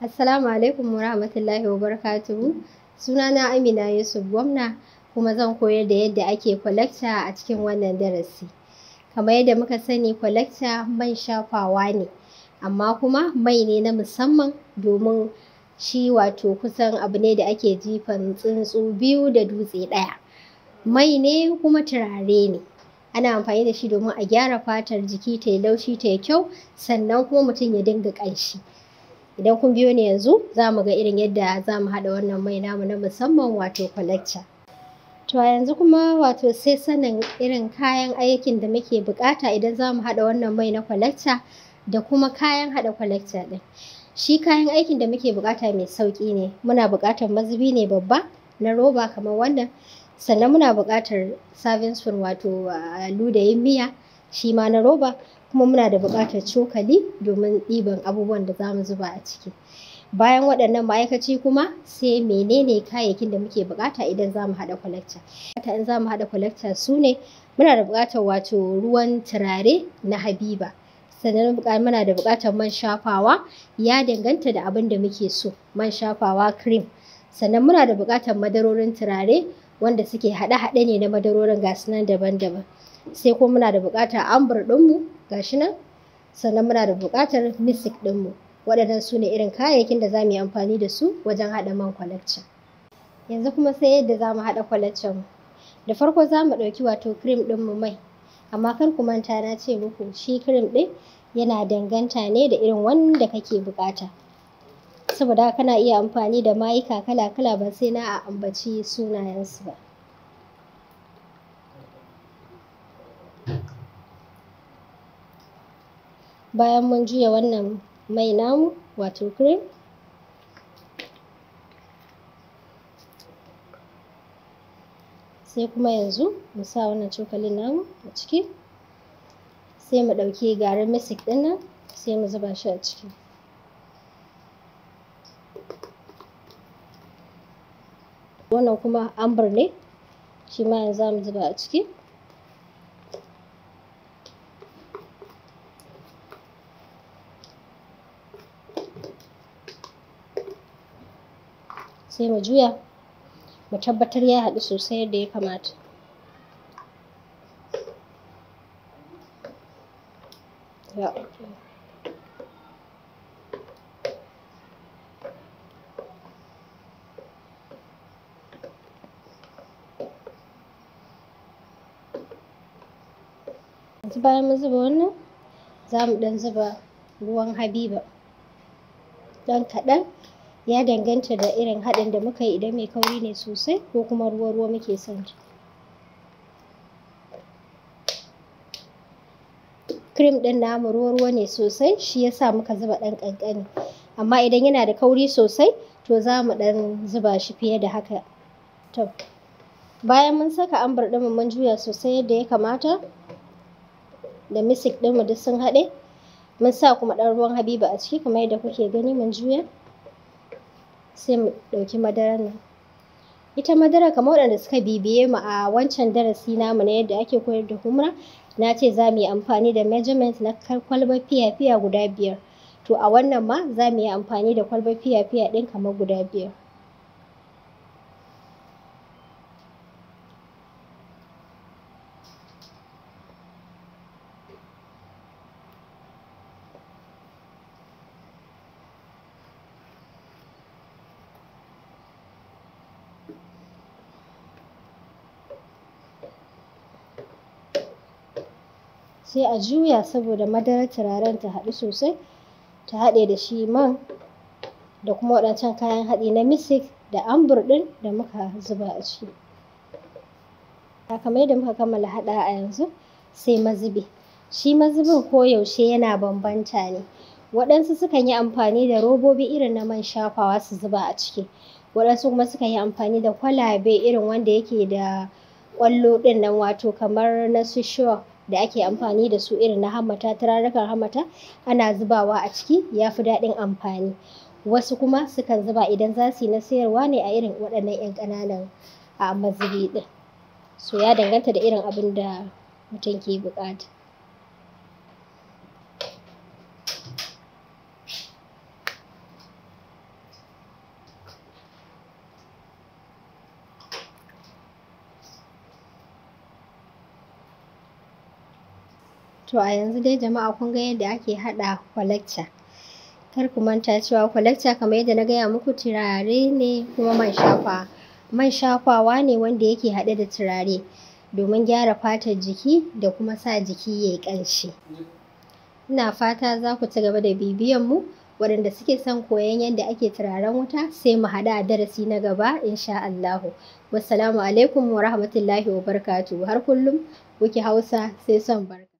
Assalamu alaikum wa rahmatullahi wa barakatuhu. Sunana Amina Yusuf Gwamna kuma zan koyar da yadda ake kwalekta a cikin wannan darasi. Kamar yadda muka sani kwalekta man shafawa ne, amma kuma mai ne na musamman domin shi wato kusan abu ne da ake jifan tsuntsu biyu da dutse ɗaya. Mai ne kuma turare ne. Ana amfani da shi domin a gyara fatar jiki ta yi laushi ta yi kyau sannan kuma mutum ya dinga ƙanshi. idan kun biyo ni yanzu za mu ga irin yadda za mu haɗa wannan mai namu na musamman wato collector to yanzu kuma wato sai sanin irin kayan aikin da muke bukata idan za mu haɗa wannan mai na collector da kuma kayan haɗa collector ɗin shi kayan aikin da muke bukata mai sauƙi ne muna bukatar mazubi ne babba na roba kamar wannan sannan muna buƙatar serving spoon wato ah, ludayin miya shi ma na roba kuma muna da buƙatar cokali domin ɗiban abubuwan da za mu zuba a ciki bayan waɗannan ma'aikaci kuma sai menene kayayyakin da muke buƙata idan za mu haɗa kwalekta in za mu haɗa kwalekta su ne muna da buƙatar wato ruwan turare na habiba sannan muna da buƙatar man shafawa ya danganta da abin da muke so man shafawa cream sannan muna da buƙatar madarorin turare wanda suke haɗe-haɗe ne na madarorin gasu daban-daban sai ko muna da bukatar ambur ɗinmu gashi nan sannan muna da bukatar misik ɗinmu waɗannan su ne irin kayayyakin da za mu yi amfani da su wajen haɗa man kwalakcin yanzu kuma sai yadda za mu haɗa mu. da farko za mu ɗauki wato cream ɗinmu mai amma kar ku manta na ce muku shi kirim ɗin yana danganta ne da irin wanda kake bukata saboda kana iya amfani da mayuka kala-kala ba sai na a ambaci sunayensu ba bayan mun juya wannan mai namu wato cream sai kuma yanzu mu sa wannan cokalin namu a ciki sai mu ɗauki garin misik ɗin nan sai mu zuba shi a ciki wannan kuma ambar ne shi ma yanzu za mu zuba a ciki sai mu juya mu tabbatar ya haɗu sosai yadda ya kamata yanzu bayan mun zuba wannan za mu ɗan zuba ruwan habiba ɗan kaɗan ya danganta da irin haɗin da muka yi idan mai kauri ne sosai ko kuma ruwa-ruwa muke son ta cream ɗin namu ruwa-ruwa ne sosai shi ya sa muka zuba ɗan ƙanƙani amma idan yana da kauri sosai to za mu ɗan zuba shi fiye da haka to bayan mun saka ambar ɗinmu mun juya sosai yadda ya kamata da misik ɗinmu duk sun haɗe mun sa kuma ɗan ruwan habiba a ciki kamar yadda kuke gani mun juya sai mu ɗauki madarar nan ita madara kamar waɗanda suka bibiye mu a wancan darasi namu na yadda ake koyar da humra na ce za mu yi amfani da measurement na kwalbar fiya-fiya guda biyar to a wannan ma za mu yi amfani da kwalbar fiya-fiya ɗin kamar guda biyar sai a juya saboda madarar turaren ta haɗu sosai ta haɗe da shi man da kuma waɗancan kayan haɗi na misik da ambur ɗin da muka zuba a ciki kamar yadda muka kammala haɗa a yanzu sai mazubi shi mazubin koyaushe yana bambanta ne waɗansu sukan yi amfani da robobi irin na man shafawa su zuba a ciki waɗansu kuma sukan yi amfani da kwalabe irin wanda yake da ƙwallo ɗin nan wato kamar na su da ake amfani da su irin na hammata turarrukan hammata ana zubawa a ciki ya fi daɗin amfani wasu kuma sukan zuba idan za su yi na sayarwa ne a irin waɗannan 'yan ƙananan a mazubi ɗin so ya danganta da irin abin da mutum ke buƙata To a yanzu dai jama'a kun ga yadda ake haɗa kwalakta. Kar ku manta cewa kwalakta kamar yadda na gaya muku turare ne kuma man shafa. Man shafawa ne wanda yake haɗe da turare domin gyara fatar jiki da kuma sa jiki ya yi ƙanshi. Ina fata za ku ci gaba da bibiyan mu waɗanda suke son koyon yadda ake turaren wuta sai mu haɗu a darasi na gaba insha Allahu. Wassalamu alaikum wa rahmatullahi wa barkatu. Har kullum kuke Hausa sai son barka.